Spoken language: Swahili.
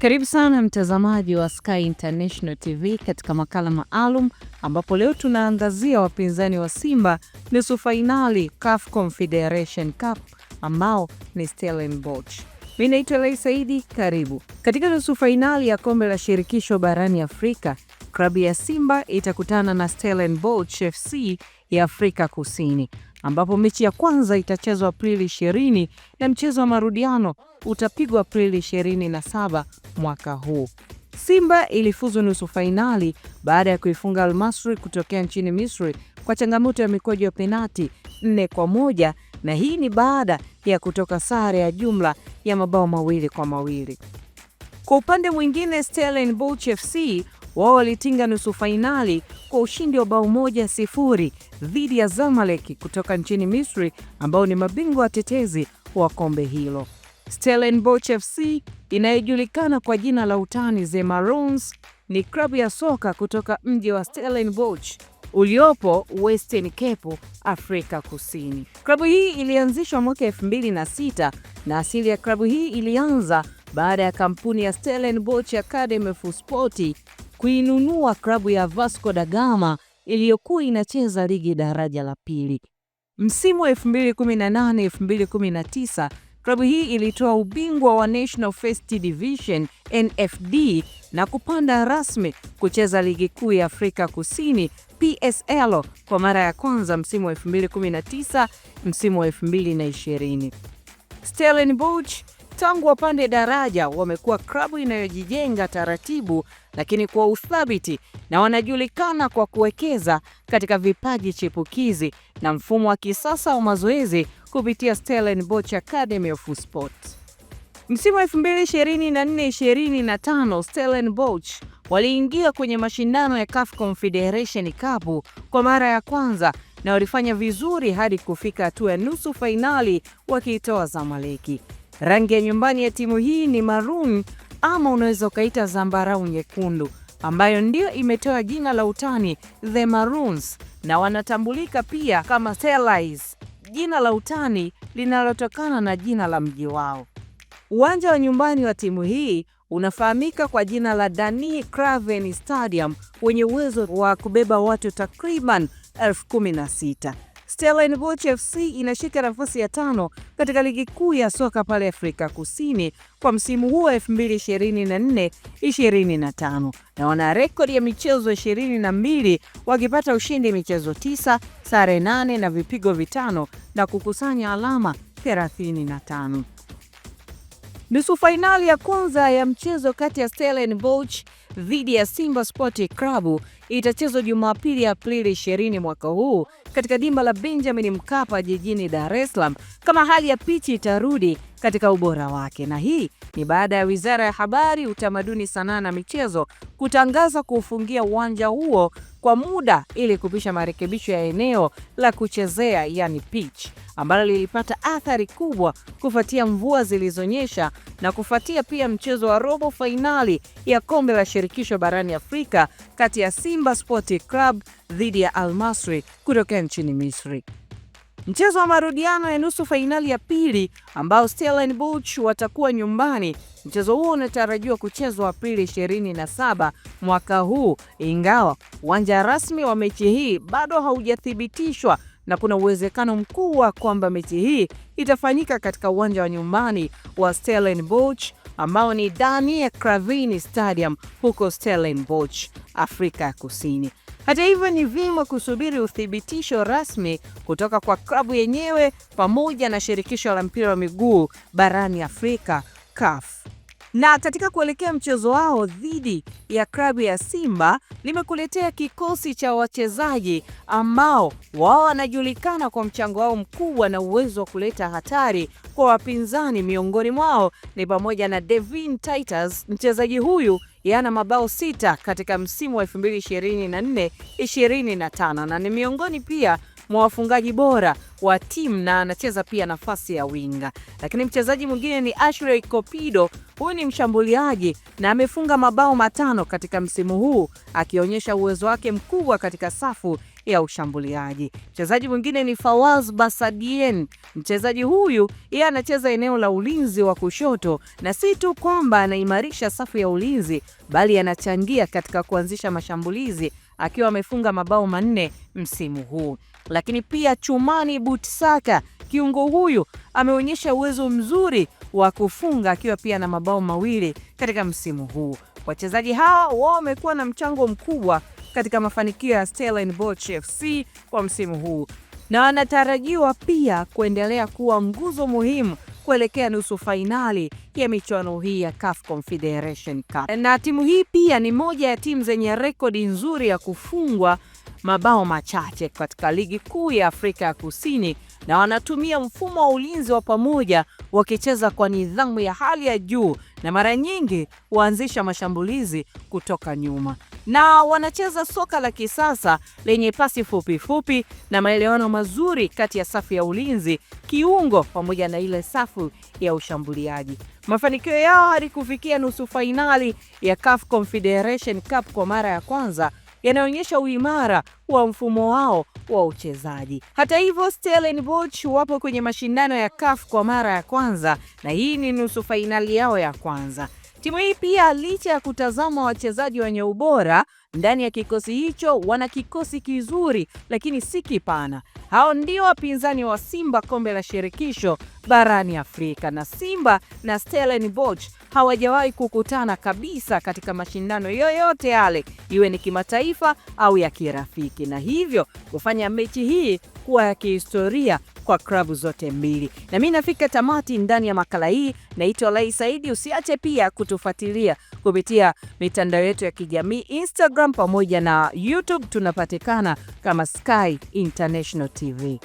Karibu sana mtazamaji wa Sky International TV katika makala maalum ambapo leo tunaangazia wapinzani wa Simba nusu fainali CAF Confederation Cup ambao ni Stellenbosch. mi naitwa Lai Saidi, karibu. Katika nusu fainali ya kombe la shirikisho barani Afrika, klabu ya Simba itakutana na Stellenbosch FC ya Afrika Kusini ambapo mechi ya kwanza itachezwa Aprili 20 na mchezo wa marudiano utapigwa Aprili 27 mwaka huu. Simba ilifuzu nusu fainali baada ya kuifunga Almasri kutokea nchini Misri kwa changamoto ya mikwaju ya penati nne kwa moja na hii ni baada ya kutoka sare ya jumla ya mabao mawili kwa mawili. Kwa upande mwingine, Stellenbosch FC wao walitinga nusu fainali kwa ushindi wa bao moja sifuri dhidi ya Zamalek kutoka nchini Misri ambao ni mabingwa watetezi wa kombe hilo. Stellenbosch FC inayojulikana kwa jina la utani The Maroons ni klabu ya soka kutoka mji wa Stellenbosch uliopo Western Cape, Afrika Kusini. Klabu hii ilianzishwa mwaka 2006 na asili ya klabu hii ilianza baada ya kampuni ya Stellenbosch Academy for Sport kuinunua klabu ya Vasco da Gama iliyokuwa inacheza ligi daraja la pili. Msimu wa 2018-2019 klabu hii ilitoa ubingwa wa National First Division NFD na kupanda rasmi kucheza ligi kuu ya Afrika Kusini PSL kwa mara ya kwanza msimu wa 2019 msimu wa 2020. Stellenbosch tangu wapande daraja wamekuwa klabu inayojijenga taratibu lakini kwa uthabiti, na wanajulikana kwa kuwekeza katika vipaji chipukizi na mfumo wa kisasa wa mazoezi kupitia Stellenbosch Academy of Sport. Msimu wa 2024-2025 Stellenbosch waliingia kwenye mashindano ya CAF Confederation Cup kwa mara ya kwanza na walifanya vizuri hadi kufika hatua ya nusu fainali wakiitoa Zamaleki. Rangi ya nyumbani ya timu hii ni maroon ama unaweza ukaita zambarau nyekundu ambayo ndio imetoa jina la utani The Maroons na wanatambulika pia kama Sellies, jina la utani linalotokana na jina la mji wao. Uwanja wa nyumbani wa timu hii unafahamika kwa jina la Danny Craven Stadium wenye uwezo wa kubeba watu takriban elfu kumi na sita. Stellenbosch FC inashika nafasi ya tano katika ligi kuu ya soka pale Afrika Kusini kwa msimu huu wa 2024 25, na wana rekodi ya michezo 22 wakipata ushindi michezo 9, sare 8 na vipigo vitano na kukusanya alama 35. Nusu fainali ya kwanza ya mchezo kati ya Stellenbosch dhidi ya Simba Sport Club itachezwa Jumapili Aprili 20 mwaka huu katika dimba la Benjamin Mkapa jijini Dar es Salaam. Kama hali ya pichi itarudi katika ubora wake, na hii ni baada ya Wizara ya Habari, Utamaduni, Sanaa na Michezo kutangaza kuufungia uwanja huo kwa muda ili kupisha marekebisho ya eneo la kuchezea yani pitch, ambalo lilipata athari kubwa kufuatia mvua zilizonyesha na kufuatia pia mchezo wa robo fainali ya kombe la shirikisho barani Afrika kati ya Simba Sports Club dhidi ya Al Masry kutokea nchini Misri. Mchezo wa marudiano ya nusu fainali ya pili ambao Stellenbosch watakuwa nyumbani. Mchezo huo unatarajiwa kuchezwa Aprili 27 mwaka huu, ingawa uwanja rasmi wa mechi hii bado haujathibitishwa na kuna uwezekano mkubwa kwamba mechi hii itafanyika katika uwanja wa nyumbani wa Stellenbosch ambao ni ndani ya Cravini Stadium huko Stellenbosch, Afrika ya Kusini. Hata hivyo ni vyema kusubiri uthibitisho rasmi kutoka kwa klabu yenyewe pamoja na shirikisho la mpira wa miguu barani Afrika CAF. Na katika kuelekea mchezo wao dhidi ya klabu ya Simba, limekuletea kikosi cha wachezaji ambao wao wanajulikana kwa mchango wao mkubwa na uwezo wa kuleta hatari kwa wapinzani. Miongoni mwao ni pamoja na Devin Titus. Mchezaji huyu yana mabao sita katika msimu wa 2024 25 na ni miongoni pia mwa wafungaji bora wa timu na anacheza pia nafasi ya winga. Lakini mchezaji mwingine ni Ashley Kopido, huyu ni mshambuliaji na amefunga mabao matano katika msimu huu akionyesha uwezo wake mkubwa katika safu ya ushambuliaji. Mchezaji mwingine ni Fawaz Basadien. Mchezaji huyu yeye anacheza eneo la ulinzi wa kushoto, na si tu kwamba anaimarisha safu ya ulinzi, bali anachangia katika kuanzisha mashambulizi akiwa amefunga mabao manne msimu huu. Lakini pia Chumani Butsaka, kiungo huyu ameonyesha uwezo mzuri wa kufunga akiwa pia na mabao mawili katika msimu huu. Wachezaji hawa wao wamekuwa na mchango mkubwa katika mafanikio ya Stellenbosch FC kwa msimu huu na wanatarajiwa pia kuendelea kuwa nguzo muhimu kuelekea nusu fainali ya michuano hii ya CAF Confederation Cup. Na timu hii pia ni moja ya timu zenye rekodi nzuri ya kufungwa mabao machache katika ligi kuu ya Afrika ya Kusini, na wanatumia mfumo wa ulinzi wa pamoja wakicheza kwa nidhamu ya hali ya juu, na mara nyingi huanzisha mashambulizi kutoka nyuma na wanacheza soka la kisasa lenye pasi fupi fupi na maelewano mazuri kati ya safu ya ulinzi, kiungo pamoja na ile safu ya ushambuliaji. Mafanikio yao hadi kufikia nusu fainali ya CAF Confederation Cup kwa mara ya kwanza yanaonyesha uimara wa mfumo wao wa uchezaji. Hata hivyo, Stellenbosch wapo kwenye mashindano ya CAF kwa mara ya kwanza na hii ni nusu fainali yao ya kwanza. Timu hii pia licha ya kutazama wachezaji wenye ubora ndani ya kikosi hicho, wana kikosi kizuri lakini si kipana. Hao ndio wapinzani wa Simba kombe la shirikisho barani Afrika, na Simba na Stellenbosch hawajawahi kukutana kabisa katika mashindano yoyote yale, iwe ni kimataifa au ya kirafiki, na hivyo kufanya mechi hii kuwa ya kihistoria kwa klabu zote mbili. Na mimi nafika tamati ndani ya makala hii. Naitwa Lai Saidi. Usiache pia kutufuatilia kupitia mitandao yetu ya kijamii Instagram pamoja na YouTube, tunapatikana kama Sky International TV.